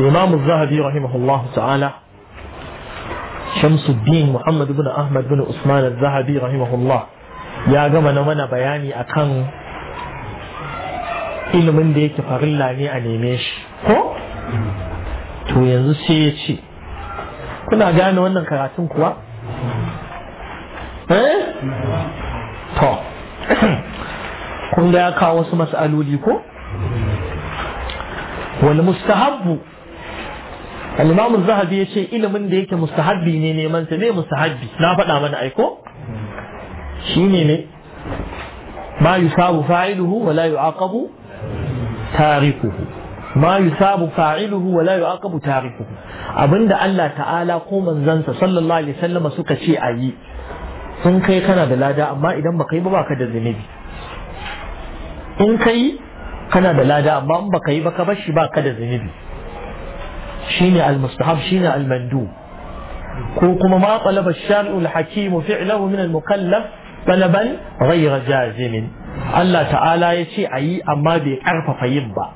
الإمام الذهبي رحمه الله تعالى شمس الدين محمد بن أحمد بن عثمان الذهبي رحمه الله يا جماعة وانا بياني أكان ilimin da yake farin lami a neme shi ko to yanzu sai ya ce kuna gane wannan karatun kuwa eh to kun ya kawo wasu mas'aloli ko wal mustahabbu al-imam zahabi yace ilimin da yake mustahabbi ne neman sa ne mustahabbi na faɗa mana aiko shine ne ma yusabu fa'iluhu wa la yu'aqabu tarikuhu ma yusabu fa'iluhu wa la yu'aqabu tarikuhu abinda Allah ta'ala ko manzansa sallallahu alaihi wasallam suka ce ayi sun kai kana da lada amma idan baka yi ba baka da zunubi in kai kana da lada amma in baka yi ba ka bar shi baka da zunubi شيني المستحب شيني المندوب كما ما طلب الشارع الحكيم فعله من المكلف طلبا غير جازم الله تعالى يشي أي أما بكرف فيبا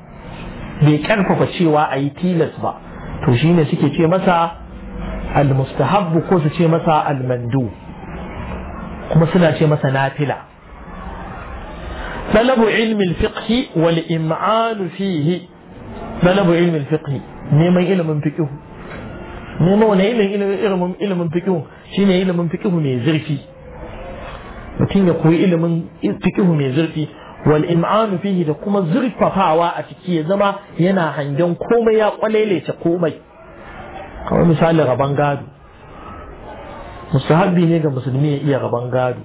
بكرف فشيوا أي تيلس با تشيني سكي مسا المستحب كو سكي مسا المندوب كما سنا ce مسا nafila طلب علم الفقه والإمعان فيه طلب علم الفقه neman ilimin fiƙihu. neman wani ilimin ilimin shi shine ilimin fiƙihu mai zurfi mutum ya koyi ilimin fiƙihu mai zurfi wal im'anu fihi da kuma zurfafawa a ciki ya zama yana hangen komai ya kwalelece komai kamar misali raban gado musahabi ne ga musulmi ya iya raban gado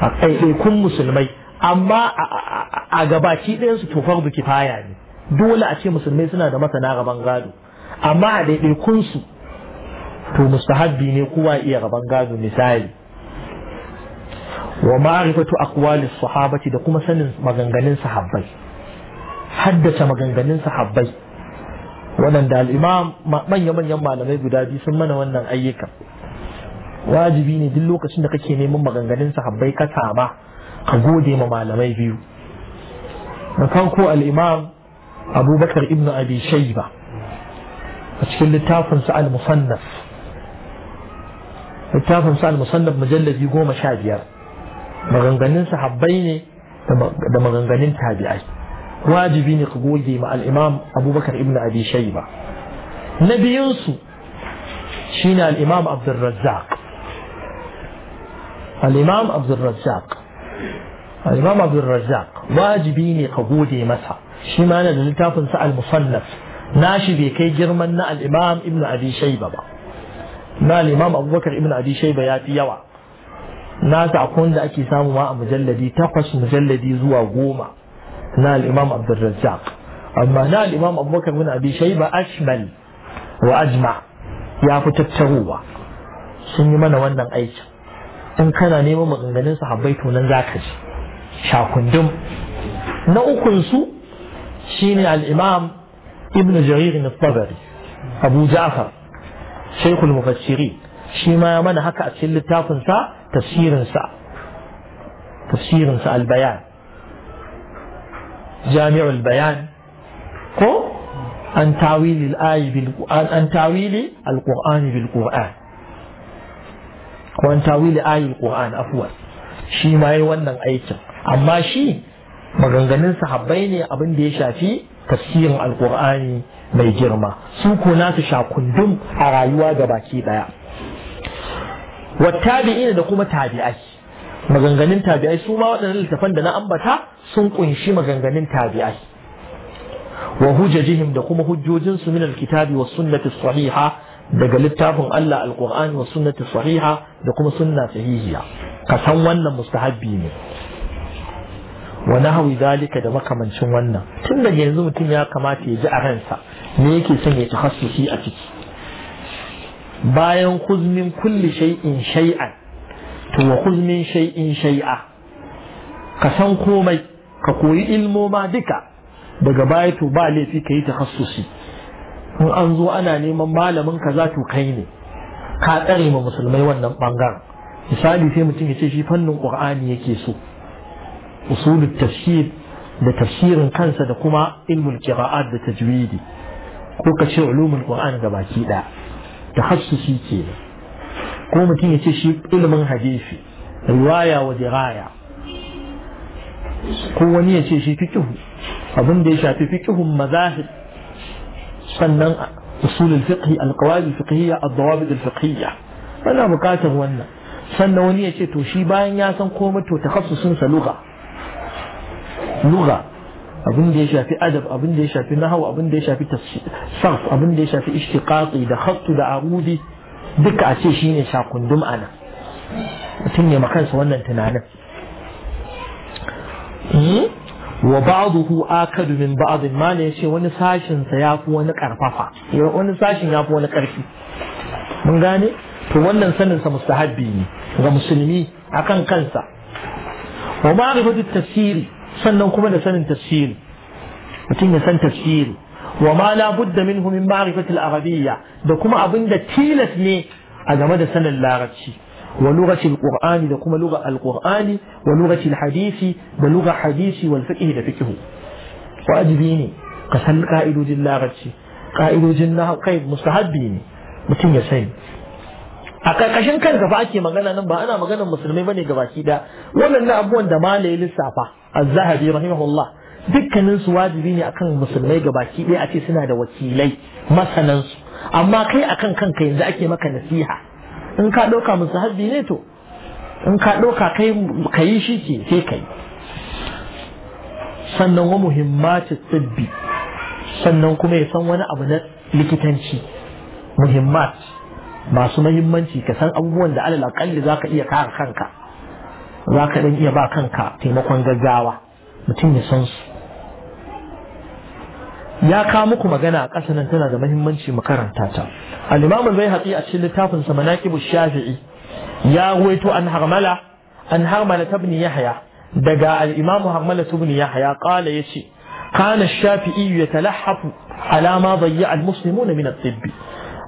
a ɗaiɗaikun musulmai amma a gabaki ɗayansu tofar biki faya ne dole a ce musulmai suna da masana rabon gado amma a daidai kunsu. to mustahabbi ne kowa iya rabon gado misali wa ma'rifatu aqwali sahabati da kuma sanin maganganun sahabbai haddace maganganun sahabbai waɗanda al'imam manya-manyan malamai guda biyu sun mana wannan ayyuka wajibi ne duk lokacin da kake neman maganganun sahabbai ka sama ka gode ma malamai biyu na farko al'imam أبو بكر ابن أبي شيبة أتكلم للتافن سأل مصنف التافن سأل مصنف مجلة يقوى مشاجر مغنغنين صحبيني ده مغنغنين تابعي واجبين قبول مع الإمام أبو بكر ابن أبي شيبة نبي ينسو شين الإمام عبد الرزاق الإمام عبد الرزاق الإمام عبد الرزاق واجبين قبول مسح shi ma yana da littafin sa al-musannaf nashi bai kai girman na al-imam ibnu abi shayba ba na al-imam abubakar ibnu abi shayba ya fi yawa nasa akwai wanda ake samu ma a mujalladi takwas mujalladi zuwa goma na al-imam abdurrazzaq amma na al-imam abubakar ibnu abi shayba ashmal wa ajma ya fi tattarowa sun yi mana wannan aikin in kana neman maganganun sahabbai to nan zaka ji shakundum na ukun su شيني الإمام ابن جرير الطبري أبو جعفر شيخ المفسرين شيما من هكا أتشل التافن سا تفسير سا تفسير سا البيان جامع البيان كو أن تعويل الآي بالقرآن أن تعويل القرآن بالقرآن وأن تعويل آي القرآن أفوا شيما يوانا أيتم أما شي maganganun sahabbai ne abin da ya shafi tafsirin alkur'ani mai girma su ko nasu kundum a rayuwa ga baki daya wattabi'in da kuma tabi'ai maganganun tabi'ai su ma waɗannan littafan da na ambata sun kunshi maganganun tabi'ai wa hujajihim da kuma hujjojin su min alkitabi was sunnati sahiha daga littafin Allah alkur'ani was sunnati sahiha da kuma sunna sahihiya ka san wannan mustahabbi ne wani nahwi zalika da makamancin wannan tun daga yanzu mutum ya kamata ya ji a ransa ne yake son ya tahassusi a ciki bayan huzmin kulli shay'in shai'a to wa huzmin shay'in shay'a ka san komai ka koyi ilmoma duka daga baya to ba laifi ka yi tahassusi in an zo ana neman malamin ka za to kai ne ka tsare ma musulmai wannan bangaren misali sai mutum ya ce shi fannin qur'ani yake so أصول التفسير لتفسير كنسة كما علم القراءات لتجويد كوكا علوم القرآن قبا كيدا تخصصي كيدا كوما كيني تشيب علم حديثي رواية ودراية كوني تشيب فكه أظن دي شافي فكه مذاهب سنن أصول الفقه القواعد الفقهية الضوابط الفقهية أنا مكاتب وانا سنة وانية تشيب شي باين ياسم كوما تو تخصصي سلوغا lugha abin da ya shafi adab abin da ya shafi nahawu abin da ya shafi sarf abin da ya shafi ishtiqaqi da khattu da arudi duka a ce shine shakundum ana mutum ya makansa wannan tunanin hmm? wa ba'dahu akadu min ba'd ma ne yace wani sashin sa yafi wani karfafa wani sashin yafi wani karfi mun gane to wannan sanin sa mustahabbi ne ga musulmi akan kansa wa ma'rifatu tafsiri sannan kuma da sanin tafsiri mutum ya san tafsiri wa ma la budda minhu min ma'rifatil arabiyya da kuma abin da tilas ne a game da sanin larabci wa lughatil qur'ani da kuma lugha alqur'ani wa lughatil hadisi da lugha hadisi wal fiqh da fiqh wajibi ne ka san ka'idojin larabci ka'idojin nahwu kai mustahabbi ne mutum ya sani a karkashin kansa fa ake magana nan ba ana maganar musulmai bane baki da wannan abubuwan da mala ya lissafa az-zahabi rahimahullah dukkanin su wajibi ne akan musulmai baki ɗaya a ce suna da wakilai masanan su amma kai akan kanka yanzu ake maka nasiha in ka ɗauka musahabi ne to in ka ɗauka kai ka yi shi ke sai ka yi sannan wa muhimmatu tsibbi sannan kuma ya san wani abu na likitanci muhimmat masu mahimmanci ka san abubuwan da alal akalli za ka iya kare kanka za ka iya ba kanka taimakon gaggawa mutum ya san su ya kawo muku magana a ƙasa nan tana da mahimmanci mu karanta ta al imamu zai haƙi a cikin littafin sa manaqibu shafi'i ya ruwaito an harmala an harmala ibn yahya daga al imamu harmala ibn yahya qala yace kana shafi'i yatalahhafu ala ma dayya al-muslimun min al-tibbi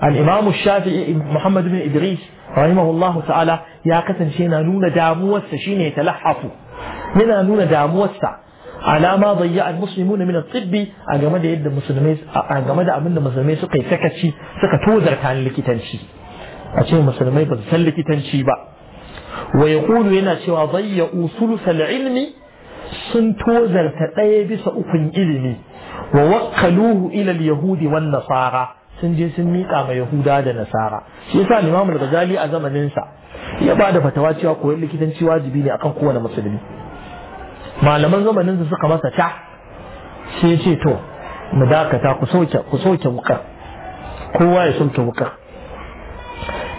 الإمام الشافعي محمد بن إدريس رحمه الله تعالى يا قتن شينا نون داموة شينا يتلحف منا نون داموة على ما ضيع المسلمون من الطب أن يمد يد المسلمين أن يمد أمن المسلمين سقي سكتشي سكتوزر كان لك تنشي أشياء المسلمين بس سلك تنشي با ويقول هنا شوى ضيع ثلث العلم سنتوزر تقيبس أفن إلمي ووكلوه إلى اليهود والنصارى sun je sun miƙa ma yahuda da nasara shi yasa imam al-ghazali a zamanin sa ya ba da fatawa cewa koyon likitanci wajibi ne akan kowane musulmi malaman zamanin su suka masa ta sai ya ce to mu dakata ku soke ku soke wukar kowa ya soke wukar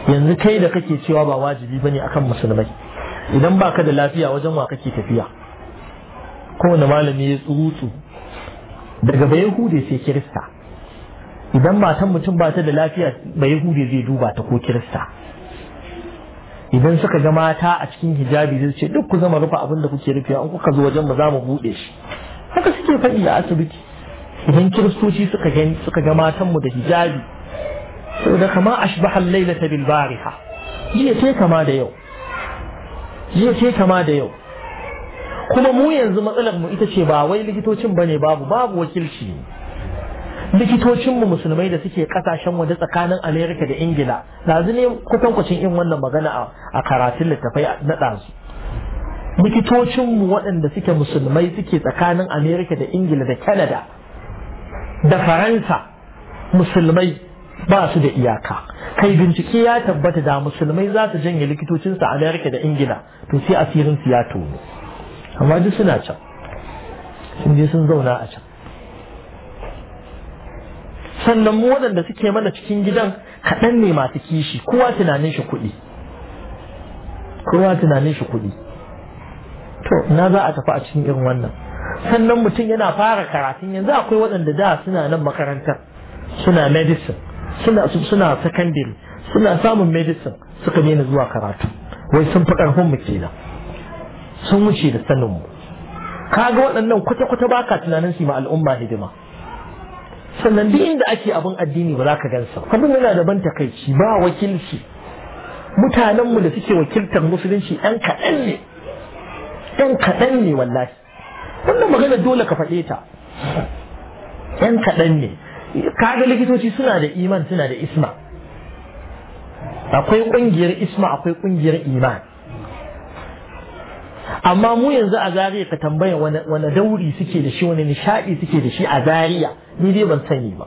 yanzu kai da kake cewa ba wajibi bane akan musulmai idan baka da lafiya wajen wa kake tafiya kowane malami ya tsutsu daga bayan hude sai kirista idan matan mutum ba ta da lafiya ba yahudi zai duba ta ko kirista idan suka ga mata a cikin hijabi zai ce duk ku zama rufe abin da kuke rufe an kuka zo wajen ba za mu buɗe shi haka suke faɗi a asibiti idan kiristoci suka ga suka ga matan mu da hijabi saboda kama ashbaha al-lailata bil bariha jiya sai kama da yau jiya sai kama da yau kuma mu yanzu matsalar mu ita ce ba wai likitocin bane babu babu wakilci ne Likitocin likitocinmu musulmai da suke kasashen waje tsakanin amerika da ingila na ne kwatankwacin in wannan magana a karatun littafai na Likitocin mu waɗanda suke musulmai suke tsakanin amerika da ingila da canada da faransa musulmai ba su da iyaka kai bincike ya tabbata da musulmai za su janye likitocinsu a amerika da ingila to sai asirinsu ya tono amma duk suna can sun je sun zauna a can sannan mu waɗanda suke mana cikin gidan kaɗan ne masu kishi kowa tunanin shi kuɗi kowa tunanin shi kuɗi to na za a tafi a cikin irin wannan sannan mutum yana fara karatun yanzu akwai waɗanda da suna nan makarantar suna medicine suna suna secondary suna samun medicine suka daina zuwa karatu wai sun fi ƙarfin mu kenan sun wuce da sanin mu kaga waɗannan kwata-kwata baka tunanin su ma al'umma hidima sannan duk inda ake abin addini ba za ka gansa abin yana da ban takaici ba wakilci mutanenmu da suke wakiltar musulunci ɗan kaɗan ne ɗan kaɗan ne wallahi wannan magana dole ka faɗe ta ɗan kaɗan ne kaga likitoci suna da iman suna da isma akwai ƙungiyar isma akwai ƙungiyar iman amma mu yanzu a zariya ka tambaya wani dauri suke da shi wani nishaɗi suke da shi a zariya ni dai ban sani ba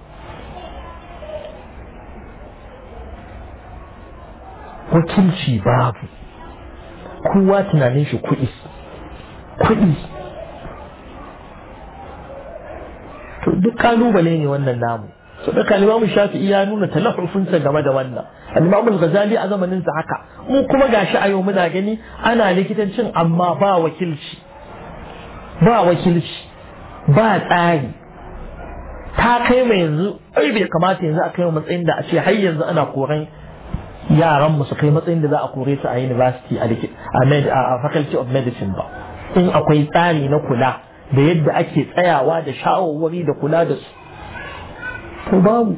wakilci babu kowa tunanin shi kuɗi kuɗi to duk kalubale ne wannan namu to da kalimamu shafi'i ya nuna talahufinsa game da wannan al ghazali a zamanin sa haka mu kuma gashi a yau muna gani ana likitancin amma ba wakilci ba wakilci ba tsari ta kai mai yanzu ai bai kamata yanzu a kai matsayin da a ce har yanzu ana koran yaran mu su kai matsayin da za a kore su a university a faculty of medicine ba in akwai tsari na kula da yadda ake tsayawa da shawarwari da kula da su to babu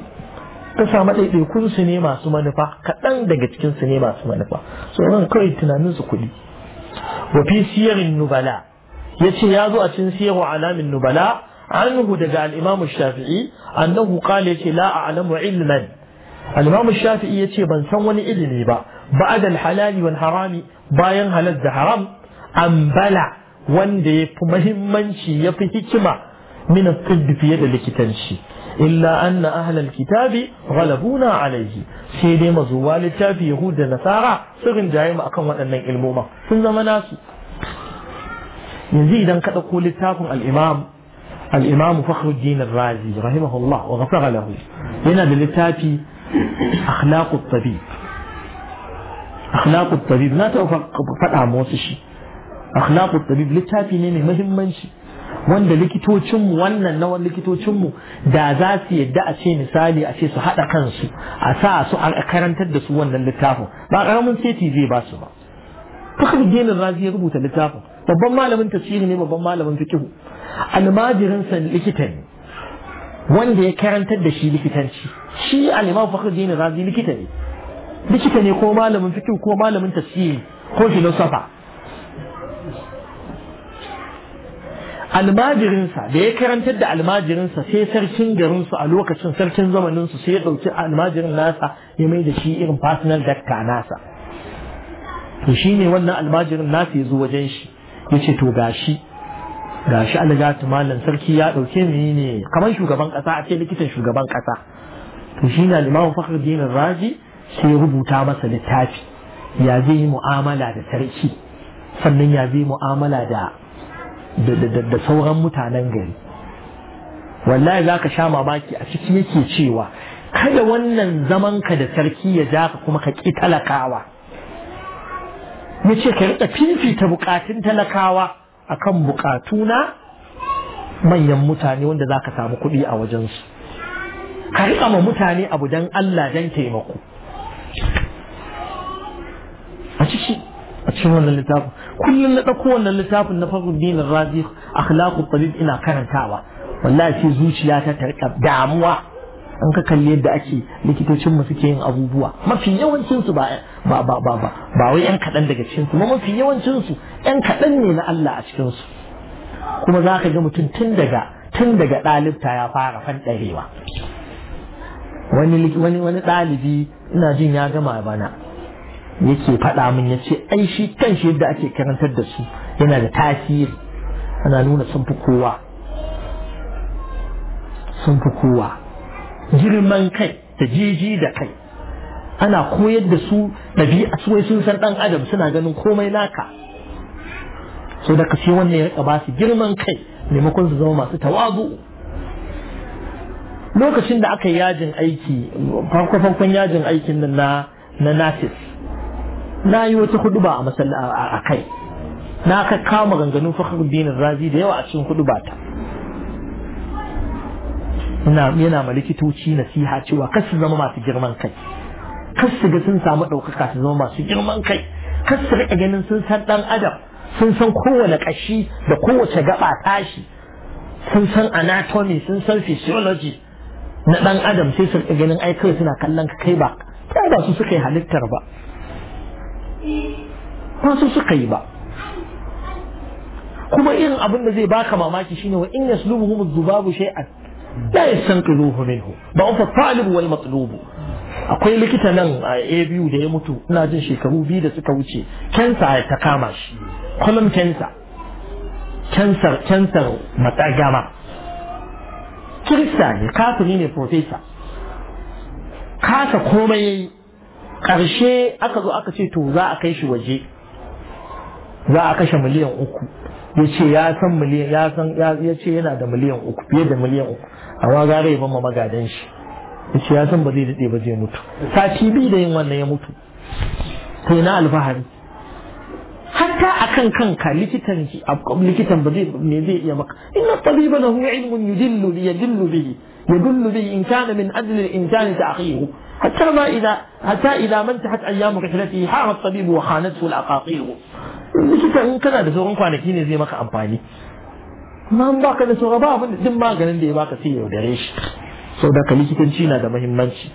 ka samu ɗaiɗaikun su ne masu manufa kaɗan daga cikin su ne masu manufa so sauran kawai tunanin su kuɗi wa fi siyarin nubala yace ya zo a cikin siyaru alamin nubala anhu daga al-imamu shafi'i annahu qala yace la a'lamu ilman al-imamu shafi'i yace ban san wani ilimi ba ba'da al-halali wal harami bayan halal da haram an bala wanda ya fi muhimmanci ya fi hikima min at fiye da likitanci إلا أن أهل الكتاب غلبونا عليه سيدي مزوال التاب يهود نصارى سرن جايم أكم وأن الموما سنزم ناسي يزيد أن كتقول لتاب الإمام الإمام فخر الدين الرازي رحمه الله وغفر له هنا للتاب أخلاق الطبيب أخلاق الطبيب لا تفقد فتا موسشي أخلاق الطبيب لتاب نيني منشي wanda likitocinmu wannan na wani likitocinmu da za su yadda a ce misali a ce su haɗa kansu a sa su a karantar da su wannan littafin ba ƙaramin feti zai ba su ba fakar genin razi ya rubuta littafin babban malamin tasiri ne babban malamin fikihu almajirinsa likita ne wanda ya karantar da shi likitanci shi alimam fakar genin razi likita ne likita ne ko malamin fikihu ko malamin tasiri ko filosofa almajirinsa da ya karantar da almajirinsa sai sarkin garinsu a lokacin sarkin zamaninsu sai ya ɗauki almajirin nasa ya mai da shi irin personal dakta nasa to shi ne wannan almajirin nasa ya zo wajen shi ya ce to gashi gashi algatu malam sarki ya ɗauke ni ne kamar shugaban ƙasa a ce likitan shugaban ƙasa to shi ne limamin fakar dinin raji sai ya rubuta masa littafi ya zai yi mu'amala da sarki sannan ya zai mu'amala da da sauran mutanen gari wallahi za ka sha mamaki a ciki yake cewa kada wannan zaman ka da sarki ya ja ka kuma ka ƙi talakawa ya ce ka riƙa fifita bukatun talakawa akan buƙatu na manyan mutane wanda za ka samu kuɗi a wajensu ka riƙa ma mutane abu don Allah don taimako a ciki a cikin wannan littafin kullum na ɗauko wannan littafin na farko dinin razi akhlaqu tabib ina karantawa wallahi sai zuciya ta tarka damuwa an ka kalli yadda ake likitocin mu suke yin abubuwa mafi yawancin su ba ba ba ba ba wai yan kaɗan daga cikin su mafi yawancin su yan kaɗan ne na Allah a cikin su kuma za ka ga mutum tun daga tun daga ɗalibta ya fara fanɗarewa wani wani wani ɗalibi ina jin ya gama bana yake faɗa min ya ce ai shi kan shi yadda ake karantar da su yana da tasiri ana nuna sun fi kowa sun fi kowa girman kai da jiji da kai ana koyar da su ɗabi'a suwai sun san ɗan adam suna ganin komai naka so da kashe wannan ya rika ba su girman kai maimakon su zama masu tawazu lokacin da aka yajin aiki farko farkon yajin aikin na na na yi wata hudu ba a masalla a kai na ka kama ganganun fakhruddin razi da yawa a cikin hudu ba ta yana ma likitoci nasiha cewa kar zama masu girman kai kar su ga sun samu ɗaukaka su zama masu girman kai kar su ganin sun san ɗan adam sun san kowane ƙashi da kowace gaba tashi sun san anatomy sun san physiology na ɗan adam sai su riƙa ganin ai suna kallon ka kai ba ta ba su suka yi halittar ba ba su suka yi ba kuma irin abin da zai baka mamaki shine wa in yaslubuhum dhubabu shay'an la yastanqidhuhu minhu ba fa talib wal matlubu akwai likita nan a ABU da ya mutu ina jin shekaru biyu da suka wuce kansa ta kama shi kolon kansa cancer kansar matsagama kirista ne kafiri ne profesa kasa komai yayi ƙarshe aka zo aka ce to za a kai shi waje za a kashe miliyan uku ya ce ya san miliyan ya san ya ce yana da miliyan uku fiye da miliyan uku amma gara ya bama magadan shi ya ce ya san ba zai daɗe ba zai mutu sati biyu da yin wannan ya mutu to na alfahari hatta akan kanka likitan ki, likitan ba zai me zai iya maka inna tabiba lahu ilmun yudillu yadillu bihi yadullu bihi in kana min ajli al-insani ta'khiru حتى ما إذا حتى إذا ما انتهت أيام رحلته حار الطبيب وخانته الأقاطير إن كان da sauran kwanaki ne zai maka amfani ma in baka da sauran ba abin maganin da ya baka sai ya dare shi saboda ka likitanci na da muhimmanci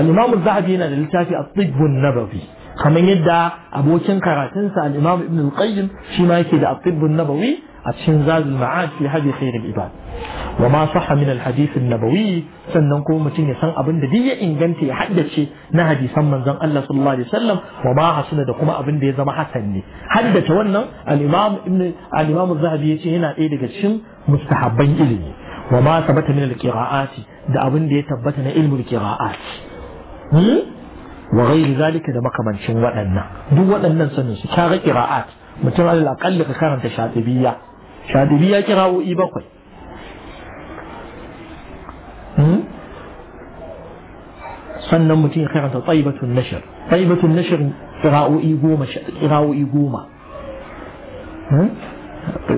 Alimamin imam zahabi yana da littafi at-Tibb an-Nabawi kamar yadda abokin karatunsa al-Imam Ibn al-Qayyim yake da at-Tibb an-Nabawi a cikin zazul ma'ad fi hadi khairul ibad wa ma sahha min al nabawi sannan kuma mutum ya san abin da duk ya inganta ya haddace na hadisan manzon Allah sallallahu alaihi wasallam wa ma hasana da kuma abin da ya zama hasan ne haddace wannan al-imam ibn al-imam yana ɗaya daga cikin mustahabban ilimi wa ma tabbata min al-qira'ati da abin da ya tabbata na ilmul qira'at wa ghairi zalika da makamancin waɗannan duk waɗannan sanin su kaga qira'at mutum alal aqalli ka karanta shafi'iyya shadibi ya kira wo'i bakwai sannan mutum ya karanta tsaibatun nashir tsaibatun nashir kira'o'i goma kira'o'i goma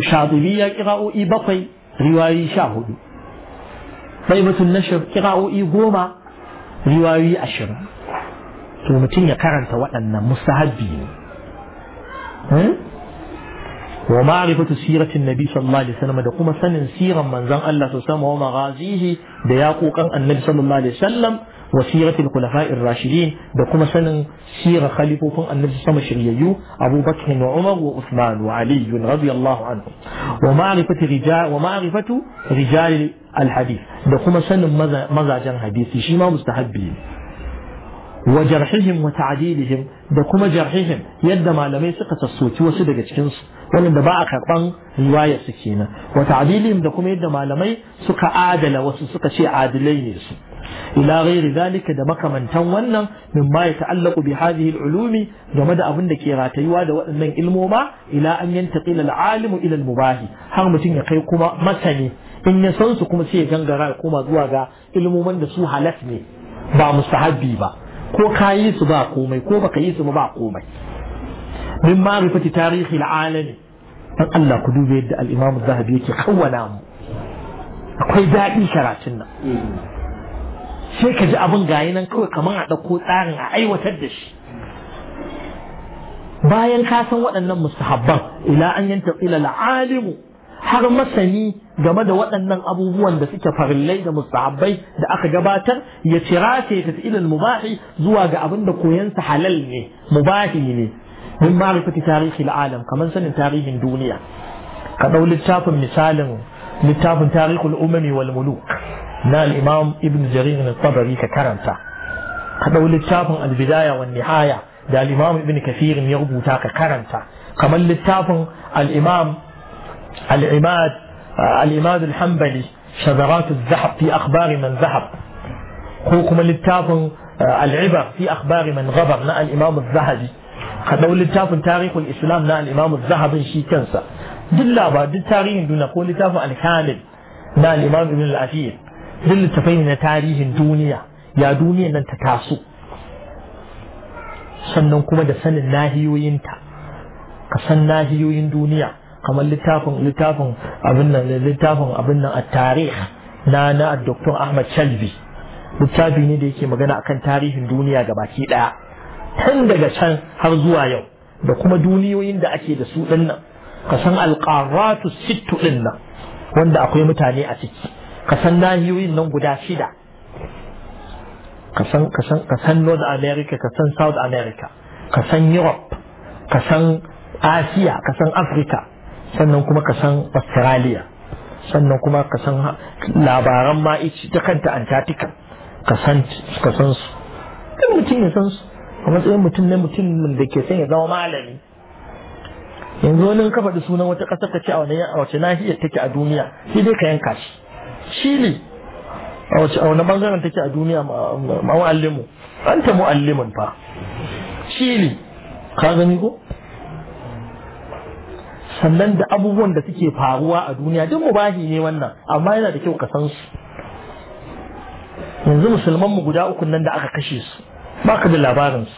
shadibi ya kira'o'i bakwai riwayoyi sha hudu tsaibatun nashir kira'o'i goma riwayoyi ashirin to mutum ya karanta waɗannan mustahabbi ne wa ma'rifatu siratin nabi sallallahu alaihi wasallam da kuma sanin siran manzon Allah sallallahu alaihi wasallam wa maghazihi da yaqukan annabi sallallahu alaihi wasallam wa siratul khulafa'ir rashidin da kuma sanin sirar khalifofin annabi sama shiryayyu abubakar wa umar wa usman wa ali radiyallahu anhu wa ma'rifatu rijal wa ma'rifatu rijal al hadith da kuma sanin mazajen hadisi shi ma mustahabbi wa jarhihim wa da kuma jarhihim yadda malamai suka tassoci wasu daga cikin su wanda ba a karban riwaya su kenan wa ta'dilihim da kuma yadda malamai suka adala wasu suka ce adilai ne su ila ghairi zalika da makamantan wannan mimma ya ta'allaqu bi hadhihi al-ulumi game da abin da ke ratayuwa da waɗannan ilmoma ila an yantaqila al-alimu ila al-mubahi har mutum ya kai kuma masani in ya san su kuma sai ya gangara kuma zuwa ga ilmomin da su halat ne ba mustahabbi ba ko ka yi su ba komai ko baka yi su ba komai min ma'rifati tarihi al'alami dan Allah ku dube yadda al-Imam Zahabi yake kawwana mu akwai daɗi karatun nan sai ka ji abin gayi nan kawai kamar a ɗauko tsarin a aiwatar da shi bayan ka san waɗannan mustahabban ila an yanta ila al'alimu har masani game da waɗannan abubuwan da suke farillai da mustahabbai da aka gabatar ya cira ce ta ilil mubahi zuwa ga abin da koyansa halal ne mubahi ne min ma'rifati tarihi alam kamar sanin tarihin duniya ka ɗau littafin misalin littafin tarihul umami wal muluk na al-imam ibn jarir na tabari ka karanta ka ɗau littafin al-bidaya wan nihaya da al-imam ibn kathir ya rubuta ka karanta kamar littafin al-imam العماد العماد الحنبلي شذرات الذهب في اخبار من ذهب حكم للتاف آه، العبر في اخبار من غبر نا الامام الذهبي هذا هو للتاف تاريخ الاسلام نا الامام الذهبي شي كنسى دلا بعد التاريخ تاريخ دون قول للتاف الكامل لا الامام ابن العفيف دل التفين تاريخ دنيا يا دنيا لن تتاسو sannan kuma da sanin وينتا ka san nahiyoyin duniya kamar littafin littafin abin nan littafin abin nan a tarih na na Dr. Ahmad Shalbi littafi ne da yake magana akan tarihin duniya ga baki daya tun daga can har zuwa yau da kuma duniyoyin da ake da su din nan ka san alqaratu sittu din nan wanda akwai mutane a ciki ka san nahiyoyin nan guda shida ka san North America ka san South America ka san Europe ka san Asiya ka san Africa sannan kuma ka san australia sannan kuma ka san labaran ma ta kanta antarctica ka san su duk mutum ya san su a matsayin mutum na mutum da ke son ya zama malami yanzu wani kafa da sunan wata ƙasar ka ce a wani wace nahiyar take a duniya shi dai ka yanka shi shili a wace a wani bangaren take a duniya ma'allimu an ta mu'allimin fa shili ka gani ko sannan da abubuwan da suke faruwa a duniya duk mubahi ne wannan amma yana da kyau ka san su yanzu musulman mu guda uku nan da aka kashe su ba ka da labarin su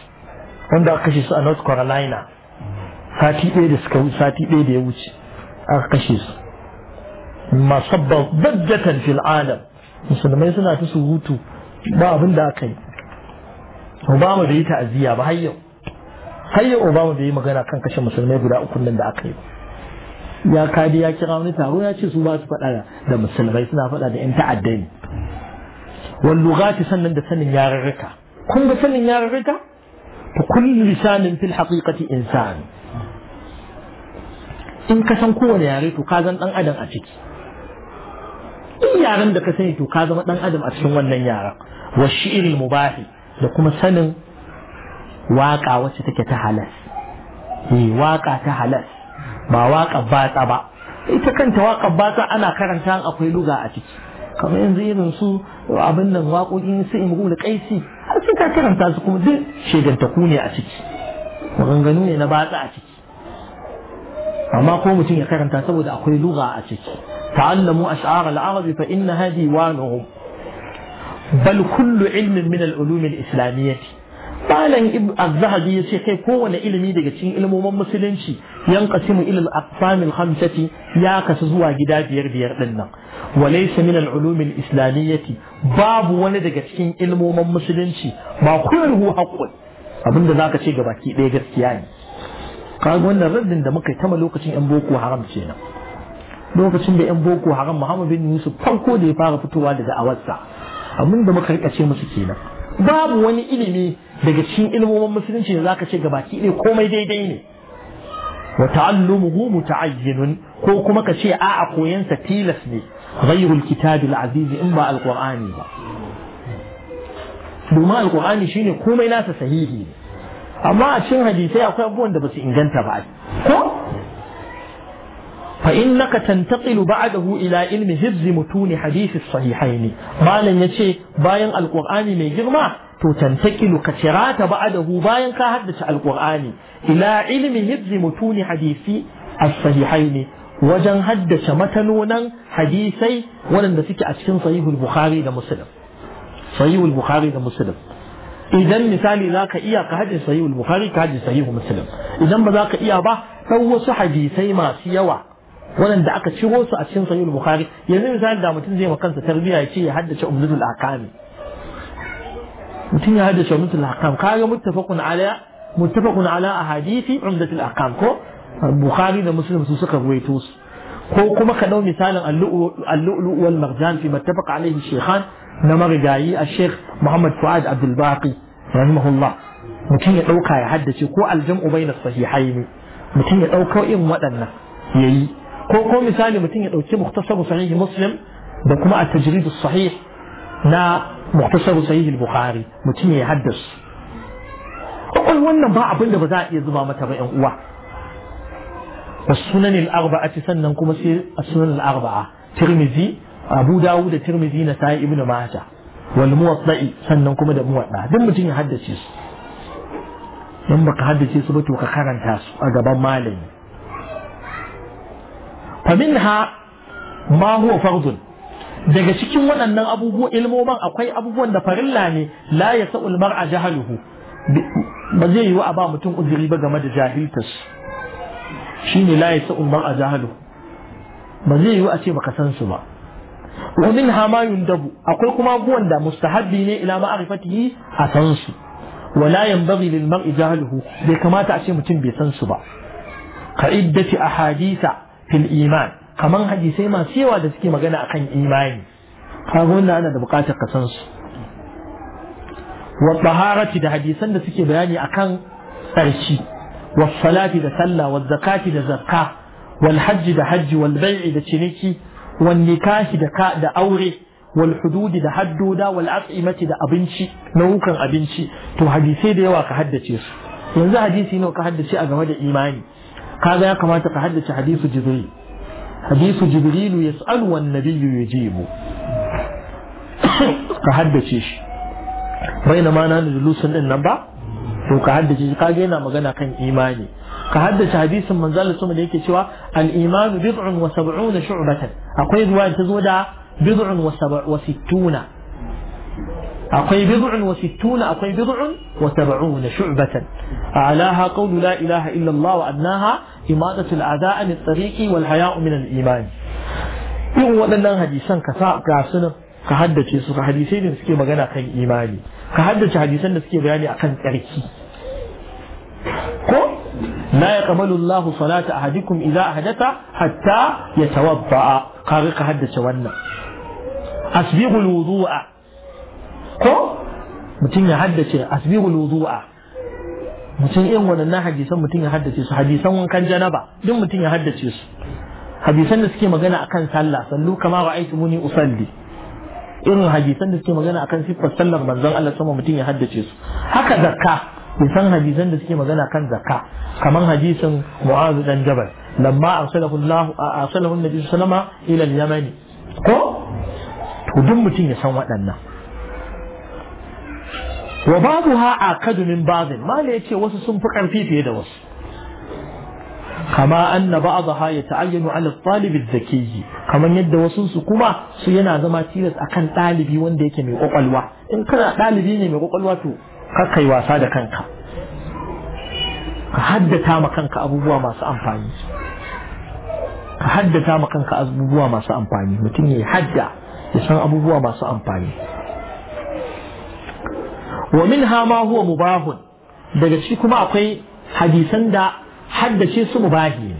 wanda aka kashe su a North Carolina sati ɗaya da suka sati ɗaya da ya wuce aka kashe su masabban dajjatan fil alam musulmai suna ta surutu ba abin da aka yi Obama bai yi ta'aziyya ba har yau har yau Obama bai yi magana kan kashe musulmai guda uku nan da aka yi ba ya kadi ya kira wani taro ya ce su ba su faɗa da musulmai suna faɗa da 'yan ta'adda ne wallugati sannan da sanin yarurruka kun ga sanin yarurruka ta kullu lisanin fil haqiqati insan in ka san kowane yare to ka zan dan adam a ciki in yaren da ka sani to ka zama dan adam a cikin wannan yara wa shi'il mubahi da kuma sanin waka wacce take ta halas ni waka ta halas ba waƙar bata ba ita kanta waƙar bata ana karanta akwai luga a ciki kamar yanzu irin su abin nan waƙoƙin su imru da kaisi har sai ka karanta su kuma duk ku ne a ciki maganganu ne na bata a ciki amma ko mutum ya karanta saboda akwai lugha a ciki ta'allamu ash'ar al-arabi fa inna hadi wanuhum bal kullu ilmin min al-ulum al-islamiyyah malam az-zahabi yace kai kowane ilimi daga cikin ilmomin musulunci yanqasimu ila al-aqsam al-khamsati ya kasu zuwa gida biyar biyar din nan laysa min al-ulum islamiyyati babu wani daga cikin ilmomin musulunci ba kullu haqqun abinda zaka ce gabaki ɗaya gaskiya ne kaga wannan raddin da muka yi ta lokacin yan boko haram kenan lokacin da yan boko haram Muhammad bin Yusuf farko da ya fara fitowa daga awarsa abinda muka rika ce musu kenan babu wani ilimi daga cikin ilmomin musulunci da zaka ce gabaki ɗaya komai daidai ne wa ta'allumuhu muta'ayyinun ko kuma ka ce a'a koyan sa tilas ne ghayrul kitabil aziz in ba alqur'ani ba domin alqur'ani shine komai nasa sahihi ne amma a cikin hadisai akwai abubuwan da ba su inganta ba ko فإنك تنتقل بعده إلى علم حفظ متون حديث الصحيحين بعد أن يتشي باين القرآن من جرمه تو تنتقل كترات بعده باين كهدت القرآن إلى علم حفظ متون حديث الصحيحين وجن هدش متنونا حديثي ولن نسيك أشكن صحيح البخاري لمسلم صحيح البخاري لمسلم idan misali za ka iya ka hajji sahihu bukhari ka hajji sahihu muslim idan ba za ka iya ba dan wasu hadisai masu wannan da aka ciro su a cikin sahihul bukhari yanzu misali da mutum zai makansa tarbiya ya ce ya haddace umdul akami mutum ya haddace umdudul akam kaga muttafaqun ala muttafaqun ala ahadithi umdul akam ko bukhari da muslim su suka ruwaito su ko kuma ka dau misalin al-lu'lu wal marjan fi muttafaq alaihi shaykhan na marigayi a sheikh muhammad fuad abdul baqi rahimahullah mutum ya dauka ya haddace ko aljam'u bayna sahihaini mutum ya dauka irin waɗannan yayi ko ko misali mutum ya dauki muktasaru sahih muslim da kuma a tajridu sahih na muktasaru sahih bukhari mutum ya haddas akwai wannan ba abin da ba za a iya zuba mata ba yan uwa as-sunan as-sunan al-arba'a al-arba'a sannan kuma sai abu dawud da كما na sai ibnu أبو wal muwatta'i sannan kuma da muwatta سنن كما ya haddace su متين baka haddace su ba to ka karanta su a gaban malami faminha ma huwa fardun daga cikin waɗannan abubuwan ilmoman akwai abubuwan da farilla ne la ya sa'ul mar'a jahaluhu ba zai yi a ba mutum uzuri ba game da jahiltas shine la ya sa'ul mar'a jahaluhu ba zai yi a ce baka san su ba wa min ma yundabu akwai kuma abubuwan da mustahabbi ne ila ma'rifatihi a san su wa la yanbaghi lil mar'i jahaluhu bai kamata a ce mutum bai san su ba ka iddati ahadisa fil iman kaman hadisai masu yawa da suke magana akan imani kaga wannan ana da bukatar ka san su wa taharati da hadisan da suke bayani akan tsarki wa salati da sallah wa zakati da zakka wal hajji da hajji wal bai'i da ciniki wal nikahi da ka da aure wal hududi da haddoda wal as'imati da abinci nau'ukan abinci to hadisai da yawa ka haddace su yanzu hadisi nawa ka haddace a game da imani kaga ya kamata ka haddace hadisu jibril hadisu ya jibrilu yas'alu wan nabiyyu yujibu ka haddace shi baina ma na julusun din nan ba to ka haddace shi kaga yana magana kan imani ka haddace hadisin manzo Allah sama da yake cewa al imanu bid'un wa sab'una shu'batan akwai ruwa ta zo da bid'un wa sab'una أقي بضع وستون أقي بضع وسبعون شعبة أعلاها قول لا إله إلا الله وأدناها إمادة الأعداء من الطريق والحياء من الإيمان يقول إن ولنا حديثا كساء كاسنا كحدث يسوع حديثين نسكي مغانا كي إيماني كحدث حديثا نسكي بياني أقن أريكي لا يقبل الله صلاة أحدكم إذا أحدث حتى يتوضأ قارق حدث ونا أسبغ الوضوء ko mutum ya haddace asbihul wudu'a mutum irin waɗannan hadisan mutum ya haddace su hadisan wankan janaba duk mutum ya haddace su hadisan da suke magana akan sallah sallu kama aiki muni usalli irin hadisan da suke magana akan sifar sallar manzon Allah sama mutum ya haddace su haka zakka san hadisan da suke magana kan zakka kaman hadisin Mu'azu dan Jabal lamma arsalahu Allah arsalahu Salama, Ilal, ila al-Yamani ko to duk mutum ya san waɗannan wa babu ha a kadumin bazin mala ya ce wasu sun fi ƙarfi fiye da wasu kama an na ba'adha ha ya ta'ayyanu ala talibin zakiyyi kamar yadda wasu su kuma su yana zama tilas akan ɗalibi wanda yake mai ƙwaƙwalwa. in kana ɗalibi ne mai ƙwaƙwalwa to kakai wasa da kanka ka haddata ma kanka abubuwa masu amfani ka haddata ma kanka abubuwa masu amfani mutum ya hadda ya san abubuwa masu amfani wa min ma huwa daga shi kuma akwai hadisan da haddace su mubahi ne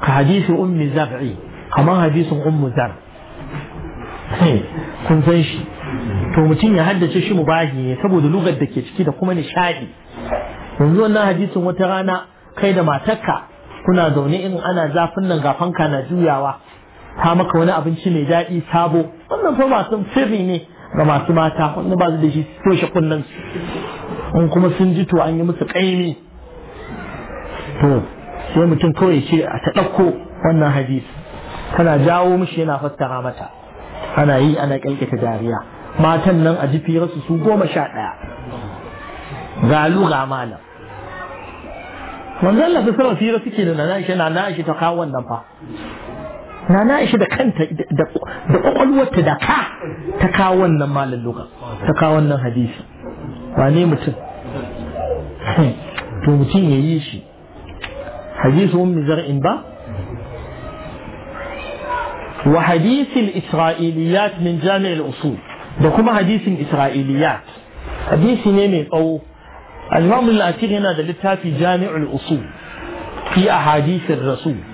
ka hadisi ummi zar'i kamar hadisin ummu zar eh, kun san shi to mutum ya haddace shi mubahi ne saboda lugar da ke ciki da kuma nishadi yanzu wannan hadisin wata rana kai da matarka kuna zaune in ana zafin nan gafanka na juyawa ta maka wani abinci mai daɗi sabo wannan fa masu sirri ne ga masu mata wanda ba su da shi toshe kunnen su in kuma sun ji to an yi musu kaimi. to sai mutum kawai ce a ta ɗauko wannan hadisi Kana jawo mishi yana fassara mata ana yi ana ƙyalƙyata dariya matan nan a ji firarsu su goma sha ɗaya ga luga malam manzon Allah sallallahu alaihi suke da na Aisha na shi ta kawo wannan fa na ishe da kanta da kwakwalwarta da ka ta kawo wannan malin lugar ta kawo wannan hadisi ba ne mutum to mutum ya yi shi hadisu ummi zar'in ba wa hadisin isra'iliyat min jami'il usul da kuma hadisin isra'iliyat hadisi ne mai tsawo al-imam al-asir yana da littafi jami'ul usul fi ahadithir rasul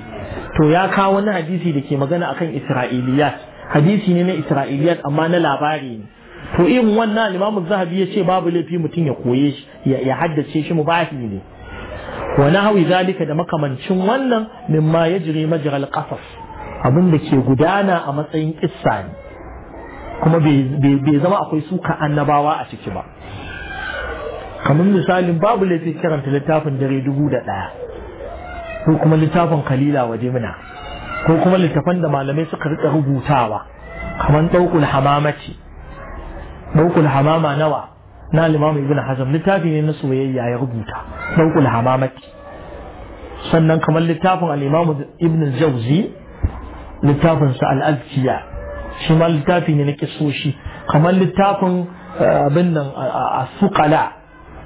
to ya kawo wani hadisi da ke magana akan isra'iliyat hadisi ne na isra'iliyat amma na labari ne to irin wannan limamin zahabi ya ce babu laifi mutum ya koye shi ya haddace shi mubahi ne Wani hawi zalika da makamancin wannan mimma jiri majiral qasas abin da ke gudana a matsayin kissa ne kuma bai zama akwai suka annabawa a ciki ba kamar misalin babu laifi karanta littafin dare dubu da ɗaya ko kuma littafin kalila wa jimna ko kuma littafan da malamai suka rika rubutawa kamar ɗaukul hamamaci ɗaukul hamama nawa na limamu ibn hazm littafi ne na soyayya ya rubuta ɗaukul hamamaci sannan kamar littafin al'imamu ibn jauzi littafinsa al'azkiya shi ma littafi ne na kisoshi kamar littafin eh, abin nan a sukala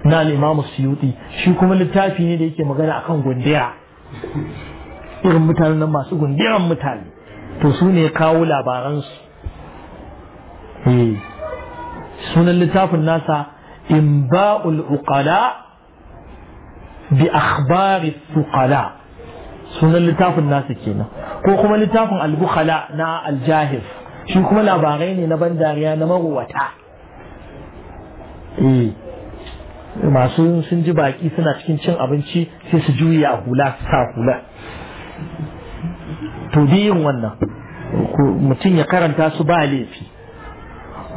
na al'imamu suyuti shi kuma littafi ne da yake magana akan gundira irin mutanen nan masu gundiran mutane to su ne kawo labaransu eh, sunan littafin nasa in ba'ul uqala bi akhbari suqala sunan littafin nasa kenan ko kuma littafin albukala na aljahif shi kuma labarai ne na ban dariya na marowata eh. masu sun ji baki suna cikin cin abinci sai su juya a hula sa hula to biyun wannan mutum ya karanta su ba laifi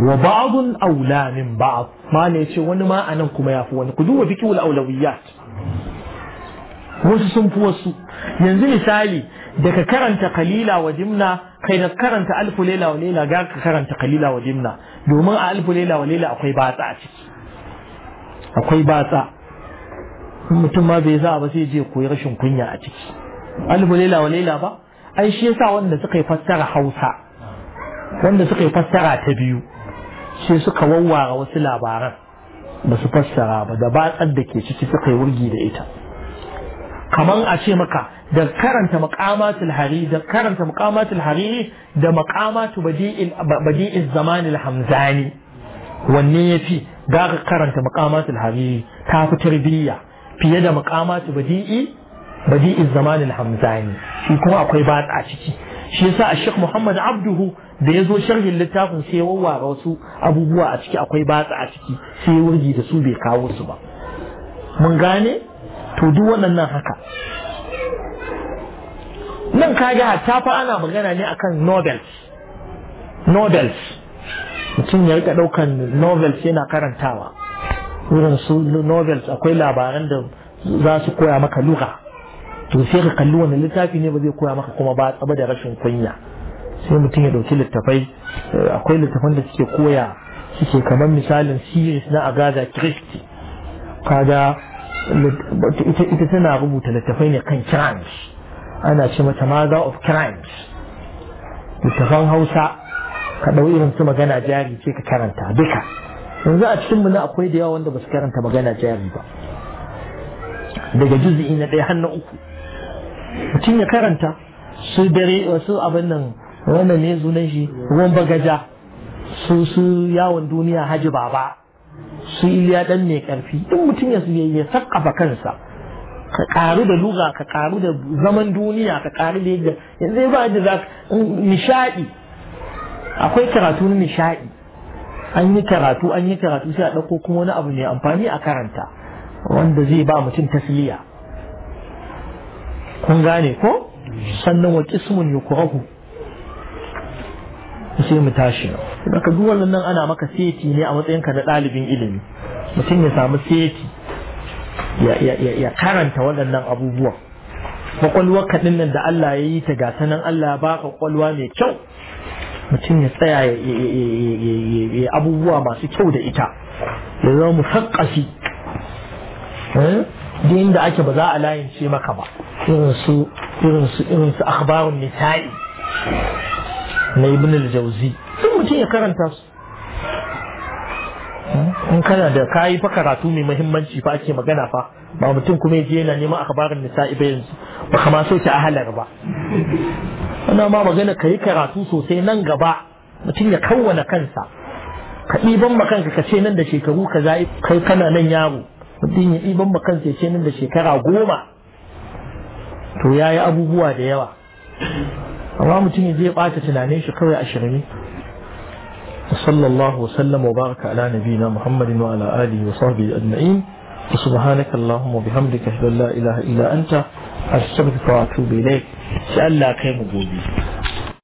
wa ba'dun aula min ba'd ma ne ce wani ma anan kuma ya fi wani ku duba fiqhul aulawiyat wasu sun fi wasu yanzu misali daga karanta kalila wa jimna kai da karanta alfu laila wa laila ga ka karanta kalila wa jimna domin a alfu laila wa laila akwai batsa a ciki akwai batsa mutum ma bai za ba sai je koyi rashin kunya a ciki alfu laila wa laila ba ai shi yasa wanda suka yi fassara hausa wanda suka yi fassara ta biyu sai suka wawwara wasu labaran ba su fassara ba da batsar da ke ciki suka yi wurgi da ita kamar a ce maka da karanta maqamatul hariri da karanta maqamatul hariri da maqamatu badi'il badi'iz zamanil hamzani wanne ya fi ga ka karanta maqamatul hariri ta fi tarbiyya fiye da maqamatu badi'i badi'i zamanin hamzani shi kuma akwai ba a ciki shi yasa a shek Muhammad Abduhu da ya zo sharhin littafin sai wawwara wasu abubuwa a ciki akwai batsa a ciki sai wurgi da su bai kawo su ba mun gane to duk waɗannan haka nan kaga hatta fa ana magana ne akan nobels nobels mutum ya rika ɗaukan novels yana karantawa wurin su novels akwai labaran da za su koya maka lura to sai ka kalli wani littafi ne ba zai koya maka kuma ba tsaba da rashin kunya sai mutum ya ɗauki littafai eh, akwai littafan da suke koya suke kamar misalin series na agaza christie kaga ita tana rubuta littafai ne kan crimes ana ce mata mother of crimes littafan hausa ka ɗau irin su magana jari ce ka karanta duka yanzu a cikin na akwai da yawa wanda ba su karanta magana jari ba daga juzi'i na ɗaya har na uku mutum ya karanta su dare wasu abin nan wannan ne zunan shi ruwan bagaja su su yawon duniya haji baba su iliya dan mai karfi in mutum ya ya sakkafa kansa ka karu da luga ka karu da zaman duniya ka karu da yadda yanzu ba da za nishaɗi. akwai karatu na nishaɗi an yi karatu an yi karatu sai a ɗauko kuma wani abu mai amfani a karanta wanda zai ba mutum tasliya kun gane ko sannan wa qismun yukrahu sai mu tashi ka duk wannan ana maka seti ne a matsayin ka na ɗalibin ilimi mutum ya samu seti ya karanta waɗannan abubuwan kwakwalwar kaɗin nan da Allah ya yi ta gasa nan Allah ya baka kwakwalwa mai kyau mutum ya tsaya ya abubuwa masu kyau da ita ya zama musakkafi eh? da inda ake ba za a ce maka ba irin su na ibn al jauzi. sun mutum ya karanta su hmm? in kana da kayi fa karatu mai muhimmanci fa ake magana fa ba mutum kuma ya je yana neman akhbarun nisa'i ba yanzu ba kama so ta ahalar ba ana ma magana ka yi karatu sosai nan gaba mutum ya kawwana kansa ka ɗiban ma ka ce nan da shekaru ka za kai kana nan yaro mutum ya ɗiban ma ya ce nan da shekara goma to ya yi abubuwa da yawa amma mutum ya je ɓata tunanin shi kawai ashirin وصلى الله وسلم وبارك على نبينا محمد وعلى آله وصحبه أجمعين وسبحانك اللهم وبحمدك أشهد أن لا إله إلا أنت astaghfiruka wa atubu ilayk sai Allah kai mu gobe